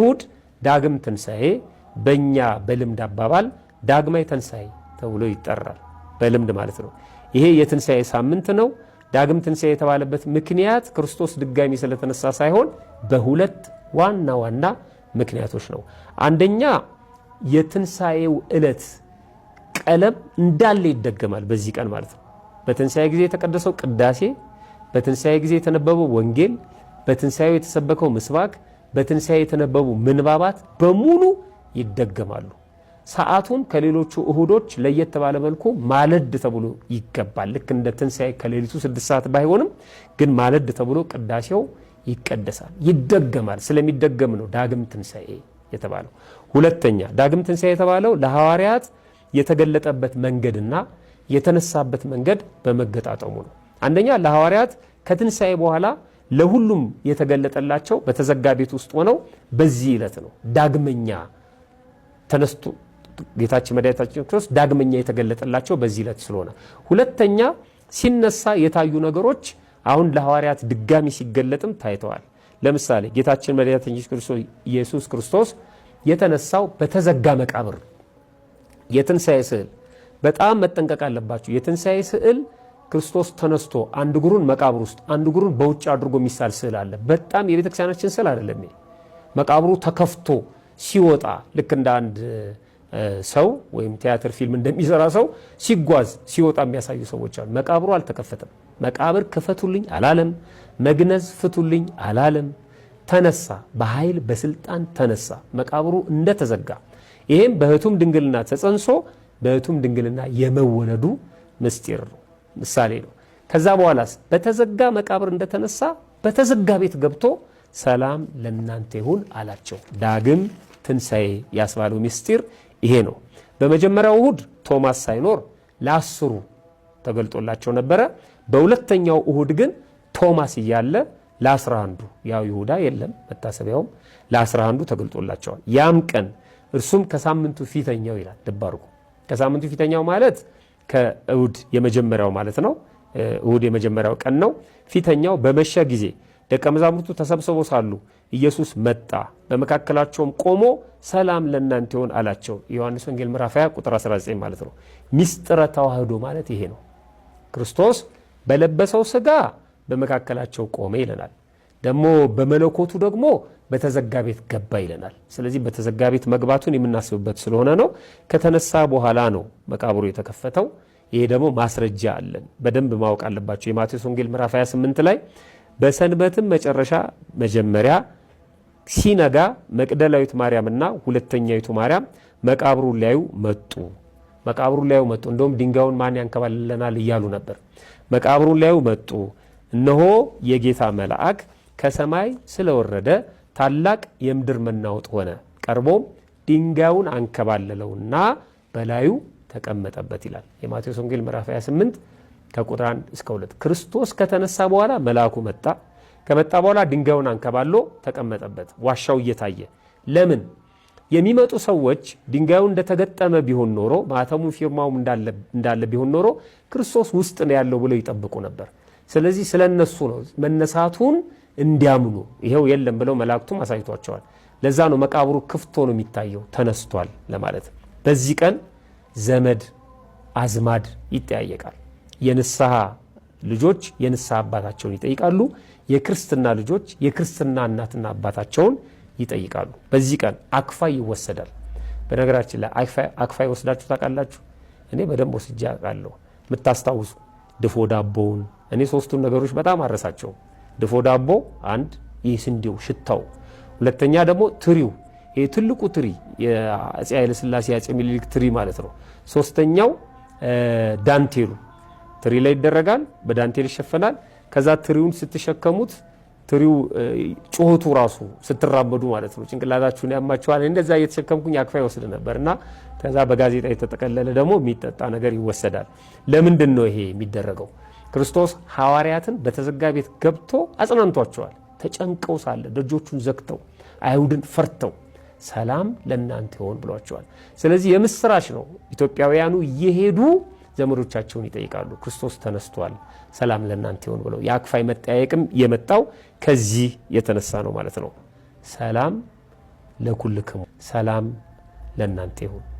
እሁድ ዳግም ትንሣኤ በእኛ በልምድ አባባል ዳግማይ ትንሣኤ ተብሎ ይጠራል። በልምድ ማለት ነው። ይሄ የትንሣኤ ሳምንት ነው። ዳግም ትንሣኤ የተባለበት ምክንያት ክርስቶስ ድጋሚ ስለተነሳ ሳይሆን በሁለት ዋና ዋና ምክንያቶች ነው። አንደኛ የትንሣኤው ዕለት ቀለም እንዳለ ይደገማል። በዚህ ቀን ማለት ነው። በትንሣኤ ጊዜ የተቀደሰው ቅዳሴ፣ በትንሣኤ ጊዜ የተነበበው ወንጌል፣ በትንሣኤው የተሰበከው ምስባክ በትንሣኤ የተነበቡ ምንባባት በሙሉ ይደገማሉ። ሰዓቱም ከሌሎቹ እሁዶች ለየት ባለ መልኩ ማለድ ተብሎ ይገባል። ልክ እንደ ትንሣኤ ከሌሊቱ ስድስት ሰዓት ባይሆንም ግን ማለድ ተብሎ ቅዳሴው ይቀደሳል፣ ይደገማል። ስለሚደገም ነው ዳግም ትንሣኤ የተባለው። ሁለተኛ ዳግም ትንሣኤ የተባለው ለሐዋርያት የተገለጠበት መንገድና የተነሳበት መንገድ በመገጣጠሙ ነው። አንደኛ ለሐዋርያት ከትንሣኤ በኋላ ለሁሉም የተገለጠላቸው በተዘጋ ቤት ውስጥ ሆነው በዚህ ዕለት ነው። ዳግመኛ ተነስቶ ጌታችን መድኃኒታችን ክርስቶስ ዳግመኛ የተገለጠላቸው በዚህ ዕለት ስለሆነ፣ ሁለተኛ ሲነሳ የታዩ ነገሮች አሁን ለሐዋርያት ድጋሚ ሲገለጥም ታይተዋል። ለምሳሌ ጌታችን መድኃኒታችን ኢየሱስ ክርስቶስ የተነሳው በተዘጋ መቃብር የትንሣኤ ስዕል በጣም መጠንቀቅ አለባቸው። የትንሣኤ ስዕል ክርስቶስ ተነስቶ አንድ እግሩን መቃብር ውስጥ አንድ እግሩን በውጭ አድርጎ የሚሳል ስዕል አለ። በጣም የቤተክርስቲያናችን ስዕል አይደለም። መቃብሩ ተከፍቶ ሲወጣ ልክ እንደ አንድ ሰው ወይም ቲያትር ፊልም እንደሚሰራ ሰው ሲጓዝ ሲወጣ የሚያሳዩ ሰዎች አሉ። መቃብሩ አልተከፈተም። መቃብር ክፈቱልኝ አላለም። መግነዝ ፍቱልኝ አላለም። ተነሳ፣ በኃይል በስልጣን ተነሳ። መቃብሩ እንደተዘጋ ይህም በእህቱም ድንግልና ተጸንሶ በህቱም ድንግልና የመወለዱ ምስጢር ነው። ምሳሌ ነው። ከዛ በኋላስ በተዘጋ መቃብር እንደተነሳ በተዘጋ ቤት ገብቶ ሰላም ለእናንተ ይሁን አላቸው። ዳግም ትንሣኤ ያስባለው ምስጢር ይሄ ነው። በመጀመሪያው እሁድ ቶማስ ሳይኖር ለአስሩ ተገልጦላቸው ነበረ። በሁለተኛው እሁድ ግን ቶማስ እያለ ለአስራ አንዱ ያው ይሁዳ የለም መታሰቢያውም ለአስራ አንዱ ተገልጦላቸዋል። ያም ቀን እርሱም ከሳምንቱ ፊተኛው ይላል። ልብ አድርጎ ከሳምንቱ ፊተኛው ማለት ከእሁድ የመጀመሪያው ማለት ነው። እሁድ የመጀመሪያው ቀን ነው። ፊተኛው በመሸ ጊዜ ደቀ መዛሙርቱ ተሰብስበው ሳሉ ኢየሱስ መጣ፣ በመካከላቸውም ቆሞ ሰላም ለእናንተ ይሆን አላቸው። ዮሐንስ ወንጌል ምዕራፍ 20 ቁጥር 19 ማለት ነው። ሚስጥረ ተዋህዶ ማለት ይሄ ነው። ክርስቶስ በለበሰው ስጋ በመካከላቸው ቆመ ይለናል። ደግሞ በመለኮቱ ደግሞ በተዘጋ ቤት ገባ ይለናል። ስለዚህ በተዘጋ ቤት መግባቱን የምናስብበት ስለሆነ ነው። ከተነሳ በኋላ ነው መቃብሩ የተከፈተው። ይሄ ደግሞ ማስረጃ አለን፣ በደንብ ማወቅ አለባቸው። የማቴዎስ ወንጌል ምዕራፍ 28 ላይ በሰንበትም መጨረሻ መጀመሪያ ሲነጋ መቅደላዊት ማርያምና ሁለተኛዊቱ ማርያም መቃብሩ ላዩ መጡ። መቃብሩ ላዩ መጡ። እንደውም ድንጋዩን ማን ያንከባልለናል እያሉ ነበር። መቃብሩ ላዩ መጡ። እነሆ የጌታ መልአክ ከሰማይ ስለወረደ ታላቅ የምድር መናወጥ ሆነ። ቀርቦም ድንጋዩን አንከባለለውና በላዩ ተቀመጠበት ይላል የማቴዎስ ወንጌል ምዕራፍ 28 ከቁጥር 1 እስከ 2። ክርስቶስ ከተነሳ በኋላ መልአኩ መጣ። ከመጣ በኋላ ድንጋዩን አንከባሎ ተቀመጠበት፣ ዋሻው እየታየ ለምን? የሚመጡ ሰዎች ድንጋዩ እንደተገጠመ ቢሆን ኖሮ ማተሙ ፊርማውም እንዳለ ቢሆን ኖሮ ክርስቶስ ውስጥ ነው ያለው ብለው ይጠብቁ ነበር። ስለዚህ ስለ እነሱ ነው መነሳቱን እንዲያምኑ ይሄው የለም ብለው መላእክቱም አሳይቷቸዋል። ለዛ ነው መቃብሩ ክፍት ሆኖ የሚታየው ተነስቷል ለማለት። በዚህ ቀን ዘመድ አዝማድ ይጠያየቃል። የንስሐ ልጆች የንስሐ አባታቸውን ይጠይቃሉ። የክርስትና ልጆች የክርስትና እናትና አባታቸውን ይጠይቃሉ። በዚህ ቀን አክፋይ ይወሰዳል። በነገራችን ላይ አክፋይ ወስዳችሁ ታውቃላችሁ? እኔ በደንብ ወስጄ አውቃለሁ። የምታስታውሱ ድፎ ዳቦውን እኔ ሶስቱን ነገሮች በጣም አረሳቸው። ድፎ ዳቦ አንድ፣ ይህ ስንዴው ሽታው፣ ሁለተኛ ደግሞ ትሪው፣ ይህ ትልቁ ትሪ የአፄ ኃይለስላሴ የአፄ ሚኒሊክ ትሪ ማለት ነው። ሶስተኛው ዳንቴሉ ትሪ ላይ ይደረጋል፣ በዳንቴል ይሸፈናል። ከዛ ትሪውን ስትሸከሙት ትሪው ጩኸቱ ራሱ ስትራመዱ ማለት ነው ጭንቅላታችሁን ያማችኋል። እንደዛ እየተሸከምኩኝ አክፋ ይወስድ ነበር እና ከዛ በጋዜጣ የተጠቀለለ ደግሞ የሚጠጣ ነገር ይወሰዳል። ለምንድን ነው ይሄ የሚደረገው? ክርስቶስ ሐዋርያትን በተዘጋ ቤት ገብቶ አጽናንቷቸዋል። ተጨንቀው ሳለ ደጆቹን ዘግተው አይሁድን ፈርተው ሰላም ለእናንተ ይሆን ብሏቸዋል። ስለዚህ የምስራች ነው። ኢትዮጵያውያኑ እየሄዱ ዘመዶቻቸውን ይጠይቃሉ። ክርስቶስ ተነስቷል፣ ሰላም ለእናንተ ይሆን ብለው። የአክፋይ መጠያየቅም የመጣው ከዚህ የተነሳ ነው ማለት ነው። ሰላም ለኩልክሙ፣ ሰላም ለእናንተ ይሁን።